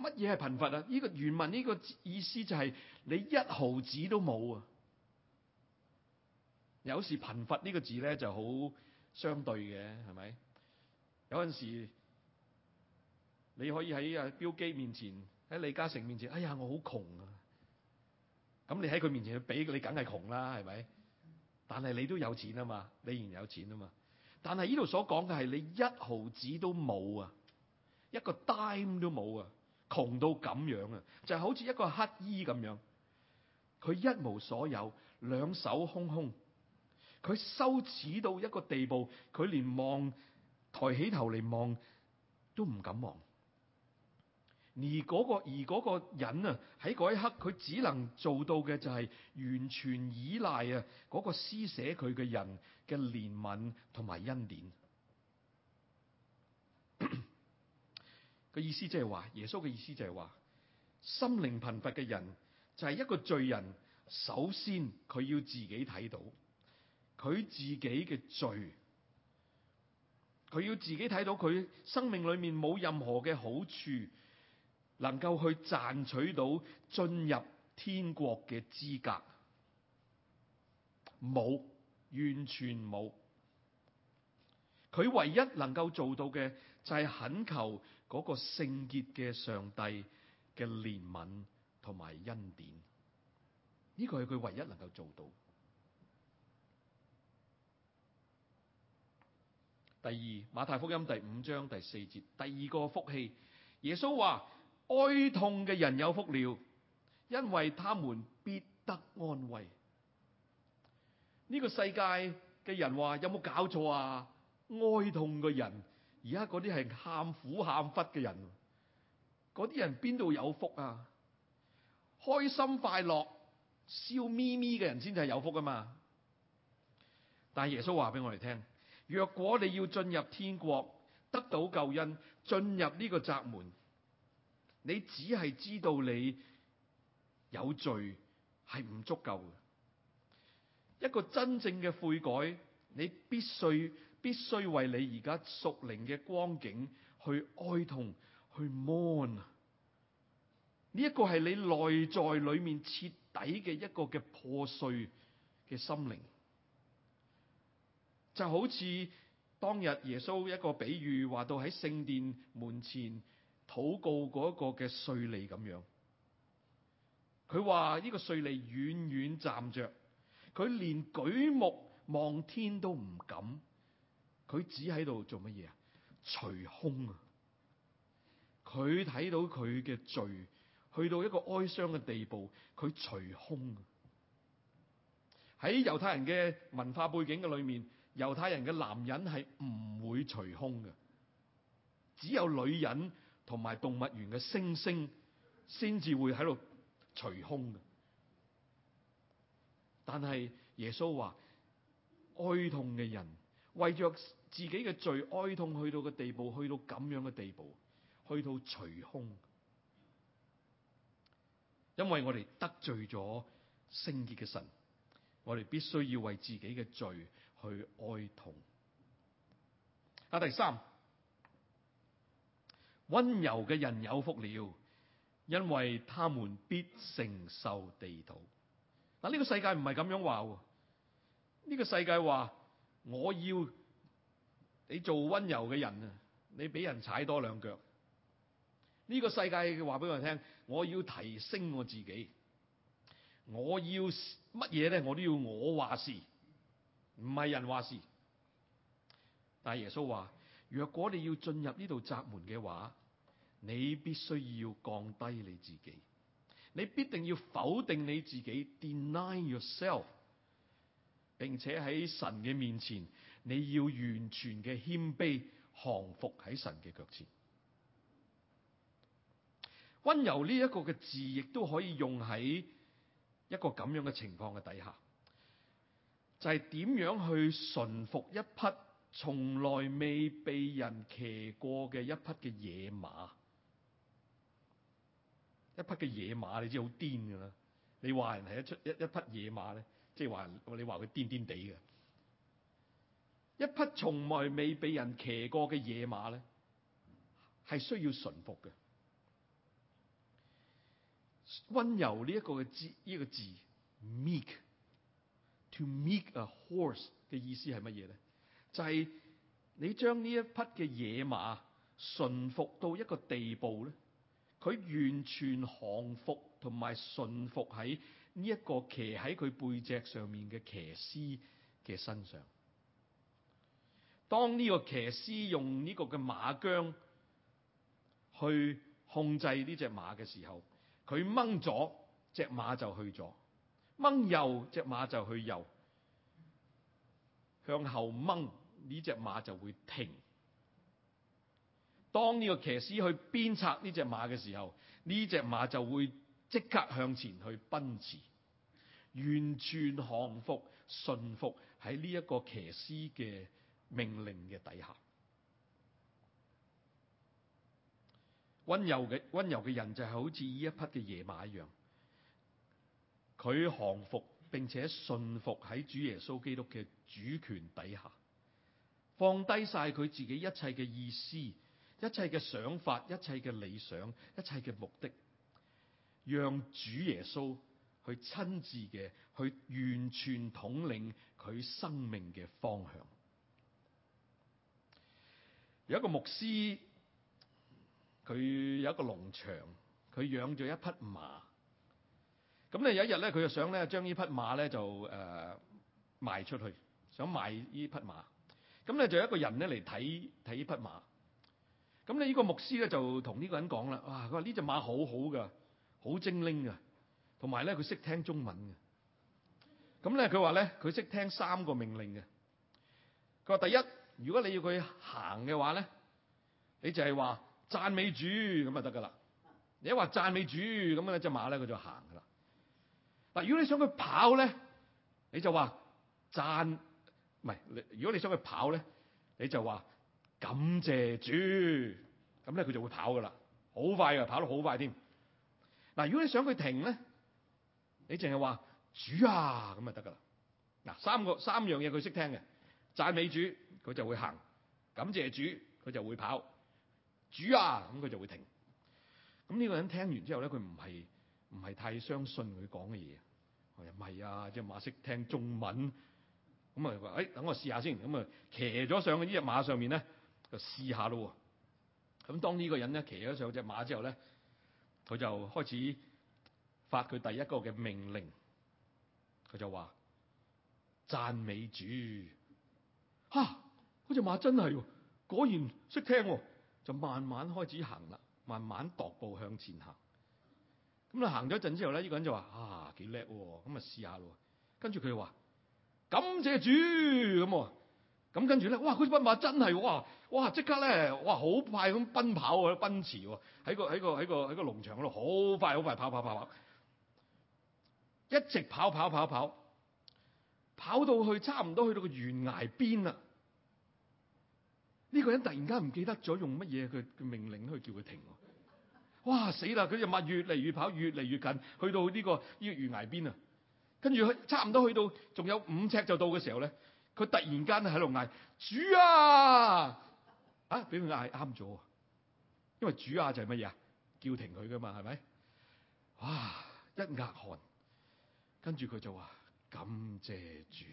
乜嘢係貧乏啊？呢個原文呢個意思就係你一毫子都冇啊。有時貧乏呢個字咧就好相對嘅，係咪？有陣時你可以喺阿標基面前，喺李嘉誠面前，哎呀，我好窮啊！咁你喺佢面前去比，你梗係窮啦，啊，係咪？但係你都有錢啊嘛，你仍然有錢啊嘛。但係呢度所講嘅係你一毫子都冇啊，一個 dime 都冇啊，窮到咁樣啊，就好似一個乞衣咁樣，佢一無所有，兩手空空。佢羞恥到一個地步，佢連望、抬起頭嚟望都唔敢望。而嗰個而嗰個人啊，喺嗰一刻，佢只能做到嘅就係完全依賴啊嗰個施捨佢嘅人嘅憐憫同埋恩典。嘅意思即係話，耶穌嘅意思就係話，心靈貧乏嘅人就係一個罪人，首先佢要自己睇到。佢自己嘅罪，佢要自己睇到佢生命裏面冇任何嘅好處，能夠去賺取到進入天國嘅資格，冇，完全冇。佢唯一能夠做到嘅就係、是、懇求嗰個聖潔嘅上帝嘅憐憫同埋恩典，呢個係佢唯一能夠做到。第二，馬太福音第五章第四節，第二個福氣，耶穌話：哀痛嘅人有福了，因為他們必得安慰。呢、這個世界嘅人話：有冇搞錯啊？哀痛嘅人，而家嗰啲係喊苦喊忽嘅人，嗰啲人邊度有福啊？開心快樂、笑咪咪嘅人先至係有福噶嘛？但係耶穌話俾我哋聽。若果你要進入天國，得到救恩，進入呢個窄門，你只係知道你有罪係唔足夠嘅。一個真正嘅悔改，你必須必須為你而家屬靈嘅光景去哀痛去 mourn。呢一個係你內在裏面徹底嘅一個嘅破碎嘅心靈。就好似當日耶穌一個比喻話到喺聖殿門前禱告嗰一個嘅稅吏咁樣，佢話呢個稅吏遠遠站着，佢連舉目望天都唔敢，佢只喺度做乜嘢啊？捶胸啊！佢睇到佢嘅罪去到一個哀傷嘅地步，佢捶胸啊！喺猶太人嘅文化背景嘅裏面。猶太人嘅男人係唔會捶胸嘅，只有女人同埋動物園嘅猩猩先至會喺度捶胸嘅。但係耶穌話哀痛嘅人為着自己嘅罪哀痛，去到個地步，去到咁樣嘅地步，去到捶胸，因為我哋得罪咗聖潔嘅神，我哋必須要為自己嘅罪。去愛同，嗱，第三，溫柔嘅人有福了，因為他們必承受地土。嗱，呢個世界唔係咁樣話，呢個世界話我要你做溫柔嘅人啊，你俾人踩多兩腳。呢個世界嘅話俾我聽，我要提升我自己，我要乜嘢咧？我都要我話事。唔係人話事，但係耶穌話：若果你要進入呢度窄門嘅話，你必須要降低你自己，你必定要否定你自己，deny yourself，並且喺神嘅面前，你要完全嘅謙卑，降服喺神嘅腳前。溫柔呢一個嘅字，亦都可以用喺一個咁樣嘅情況嘅底下。就係點樣去馴服一匹從來未被人騎過嘅一匹嘅野馬？一匹嘅野馬你知好癲㗎喇。你話人係一出一一匹野馬咧，即係話你話佢癲癲地嘅一匹從來未被人騎過嘅野馬咧，係需要馴服嘅。溫柔呢一個嘅字，呢個字 meek。to meet a horse 嘅意思係乜嘢咧？就係、是、你將呢一匹嘅野馬馴服到一個地步咧，佢完全降服同埋順服喺呢一個騎喺佢背脊上面嘅騎師嘅身上。當呢個騎師用呢個嘅馬韁去控制呢隻馬嘅時候，佢掹咗隻馬就去咗。掹右隻馬就去右，向後掹呢隻馬就會停。當呢個騎師去鞭策呢隻馬嘅時候，呢隻馬就會即刻向前去奔馳，完全降服、馴服喺呢一個騎師嘅命令嘅底下。溫柔嘅溫柔嘅人就係好似呢一匹嘅野馬一樣。佢降服，並且順服喺主耶穌基督嘅主權底下，放低晒佢自己一切嘅意思、一切嘅想法、一切嘅理想、一切嘅目的，讓主耶穌去親自嘅去完全統領佢生命嘅方向。有一個牧師，佢有一個農場，佢養咗一匹馬。咁咧有一日咧，佢就想咧將呢匹馬咧就誒、呃、賣出去，想賣呢匹馬，咁咧就有一個人咧嚟睇睇呢匹馬，咁咧呢個牧師咧就同呢個人講啦，哇！佢話呢隻馬好好噶，好精靈啊，同埋咧佢識聽中文嘅。咁咧佢話咧佢識聽三個命令嘅。佢話第一，如果你要佢行嘅話咧，你就係話讚美主咁就得噶啦。你一話讚美主咁咧，隻馬咧佢就行。嗱，如果你想佢跑咧，你就話讚，唔係，如果你想佢跑咧，你就話感謝主，咁咧佢就會跑噶啦，好快啊，跑得好快添。嗱，如果你想佢停咧，你淨係話主啊，咁就得噶啦。嗱，三個三樣嘢佢識聽嘅，讚美主佢就會行，感謝主佢就會跑，主啊咁佢就會停。咁呢個人聽完之後咧，佢唔係。唔係，太相信佢講嘅嘢，我又唔係啊，隻馬識聽中文，咁啊誒，等我試下先，咁啊騎咗上呢隻馬上面咧，就試下咯喎。咁當呢個人咧，騎咗上隻馬之後咧，佢就開始發佢第一個嘅命令，佢就話讚美主，嚇、啊！隻馬真係，果然識聽、喔，就慢慢開始行啦，慢慢踱步向前行。咁佢行咗一陣之後咧，呢個人就話：啊，幾叻喎！咁啊，試下咯。跟住佢就話：感謝主咁。咁跟住咧，哇！佢匹馬真係哇哇！即刻咧，哇好快咁奔跑啊，奔馳喎！喺個喺個喺個喺個農場嗰度，好快好快跑跑跑跑，一直跑跑跑跑，跑，跑，跑到去差唔多去到個懸崖邊啦。呢個人突然間唔記得咗用乜嘢佢嘅命令去叫佢停。哇死啦！佢隻物越嚟越跑，越嚟越近，去到呢個呢個懸崖邊啊！跟住佢差唔多去到，仲有五尺就到嘅時候咧，佢突然間喺度嗌主啊！啊！俾佢嗌啱咗啊！因為主啊就係乜嘢啊？叫停佢噶嘛，係咪？哇！一額汗，跟住佢就話感謝主。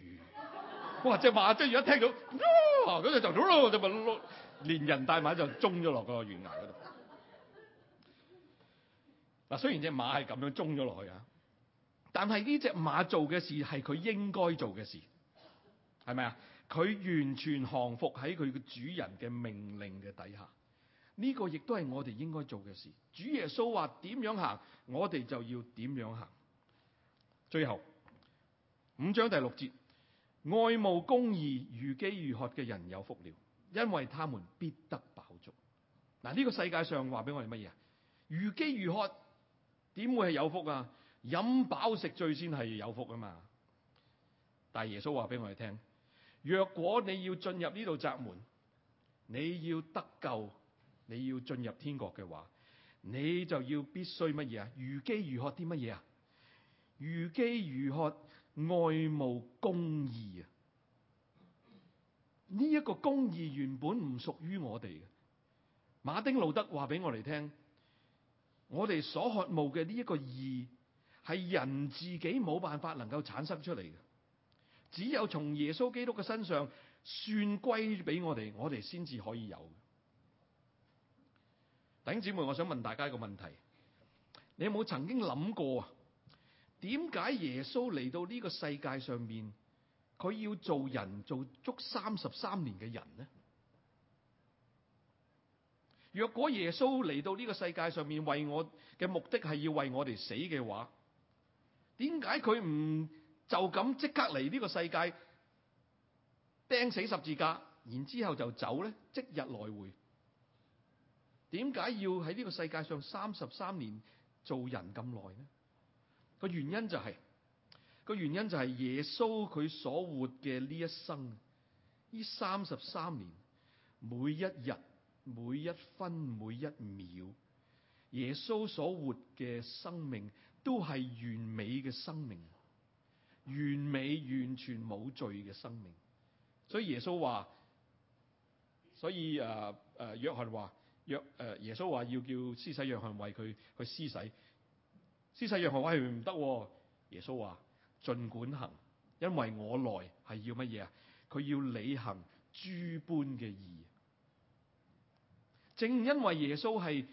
哇！隻馬即係一聽到，嗰隻 就咗咯，就連 連人帶馬就衝咗落個懸崖嗰度。嗱，雖然隻馬係咁樣衝咗落去啊，但係呢隻馬做嘅事係佢應該做嘅事，係咪啊？佢完全降服喺佢嘅主人嘅命令嘅底下，呢個亦都係我哋應該做嘅事。主耶穌話點樣行，我哋就要點樣行。最後五章第六節，愛慕公義、如飢如渴嘅人有福了，因為他們必得飽足。嗱，呢個世界上話俾我哋乜嘢啊？如飢如渴。點會係有福啊？飲飽食醉先係有福啊嘛！但耶穌話俾我哋聽：若果你要進入呢度窄門，你要得救，你要進入天國嘅話，你就要必須乜嘢啊？如飢如渴啲乜嘢啊？如飢如渴愛慕公義啊！呢一個公義原本唔屬於我哋嘅。馬丁路德話俾我哋聽。我哋所渴慕嘅呢一個義係人自己冇辦法能夠產生出嚟嘅，只有從耶穌基督嘅身上算歸俾我哋，我哋先至可以有嘅。弟兄姊妹，我想問大家一個問題：你有冇曾經諗過啊？點解耶穌嚟到呢個世界上面，佢要做人，做足三十三年嘅人呢？若果耶穌嚟到呢個世界上面為我嘅目的係要為我哋死嘅話，點解佢唔就咁即刻嚟呢個世界釘死十字架，然之後就走咧？即日來回，點解要喺呢個世界上三十三年做人咁耐呢？個原因就係，個原因就係耶穌佢所活嘅呢一生，呢三十三年每一日。每一分每一秒，耶穌所活嘅生命都係完美嘅生命，完美完全冇罪嘅生命。所以耶穌話，所以誒誒、啊啊，約翰話，約誒、啊、耶穌話要叫施洗約翰為佢去施洗，施洗約翰話係唔得，耶穌話，盡管行，因為我來係要乜嘢啊？佢要履行諸般嘅義。正因為耶穌係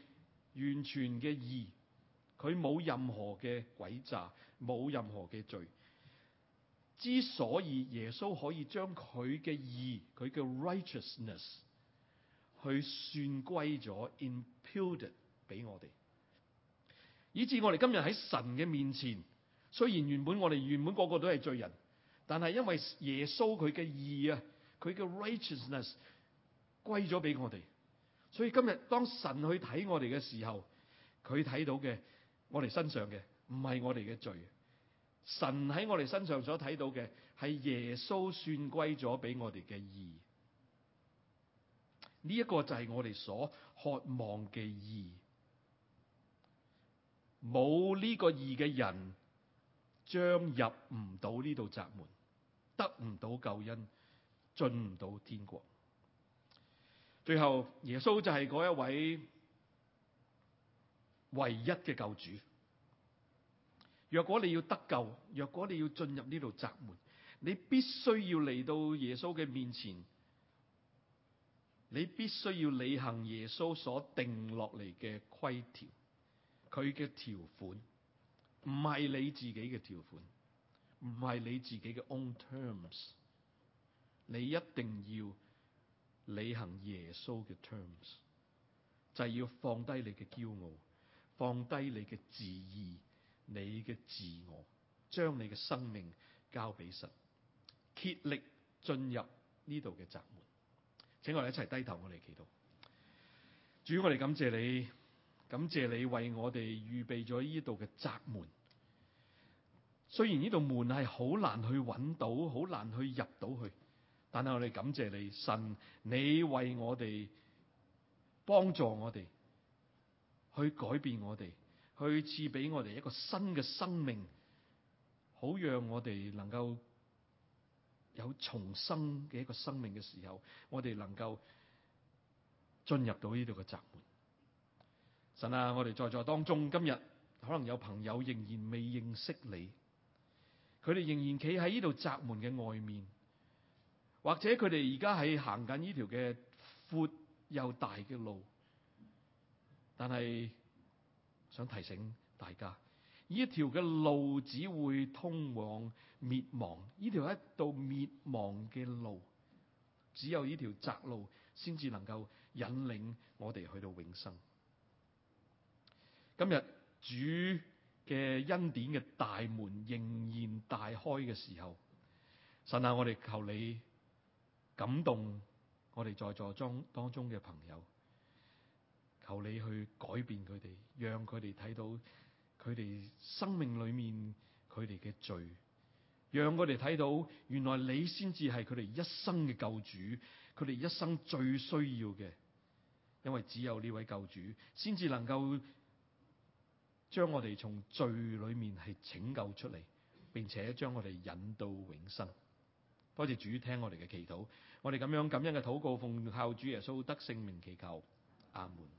完全嘅義，佢冇任何嘅詭詐，冇任何嘅罪。之所以耶穌可以將佢嘅義，佢嘅 righteousness，去算歸咗 imputed 俾我哋，以至我哋今日喺神嘅面前，雖然原本我哋原本個個都係罪人，但係因為耶穌佢嘅義啊，佢嘅 righteousness 歸咗俾我哋。所以今日當神去睇我哋嘅時候，佢睇到嘅我哋身上嘅唔係我哋嘅罪，神喺我哋身上所睇到嘅係耶穌算歸咗俾我哋嘅義。呢、這、一個就係我哋所渴望嘅義。冇呢個義嘅人，將入唔到呢道閘門，得唔到救恩，進唔到天國。最後，耶穌就係嗰一位唯一嘅救主。若果你要得救，若果你要進入呢度窄門，你必須要嚟到耶穌嘅面前，你必須要履行耶穌所定落嚟嘅規條，佢嘅條款唔係你自己嘅條款，唔係你自己嘅 own terms，你一定要。履行耶穌嘅 terms，就係要放低你嘅驕傲，放低你嘅自意，你嘅自我，將你嘅生命交俾神，竭力進入呢度嘅窄門，請我哋一齊低頭，我哋祈禱。主，我哋感謝你，感謝你為我哋預備咗呢度嘅窄門。雖然呢度門係好難去揾到，好難去入到去。但係我哋感謝你，神，你為我哋幫助我哋，去改變我哋，去賜俾我哋一個新嘅生命，好讓我哋能夠有重生嘅一個生命嘅時候，我哋能夠進入到呢度嘅窄門。神啊，我哋在座當中，今日可能有朋友仍然未認識你，佢哋仍然企喺呢度窄門嘅外面。或者佢哋而家喺行緊呢條嘅闊又大嘅路，但係想提醒大家，呢條嘅路只會通往滅亡，呢條係一道滅亡嘅路。只有呢條窄路先至能夠引領我哋去到永生。今日主嘅恩典嘅大門仍然大開嘅時候，神啊，我哋求你。感動我哋在座中當中嘅朋友，求你去改變佢哋，讓佢哋睇到佢哋生命裏面佢哋嘅罪，讓我哋睇到原來你先至係佢哋一生嘅救主，佢哋一生最需要嘅，因為只有呢位救主先至能夠將我哋從罪裏面係拯救出嚟，並且將我哋引到永生。多謝主聽我哋嘅祈禱。我哋咁樣感恩嘅禱告，奉靠主耶穌得聖名祈求，阿門。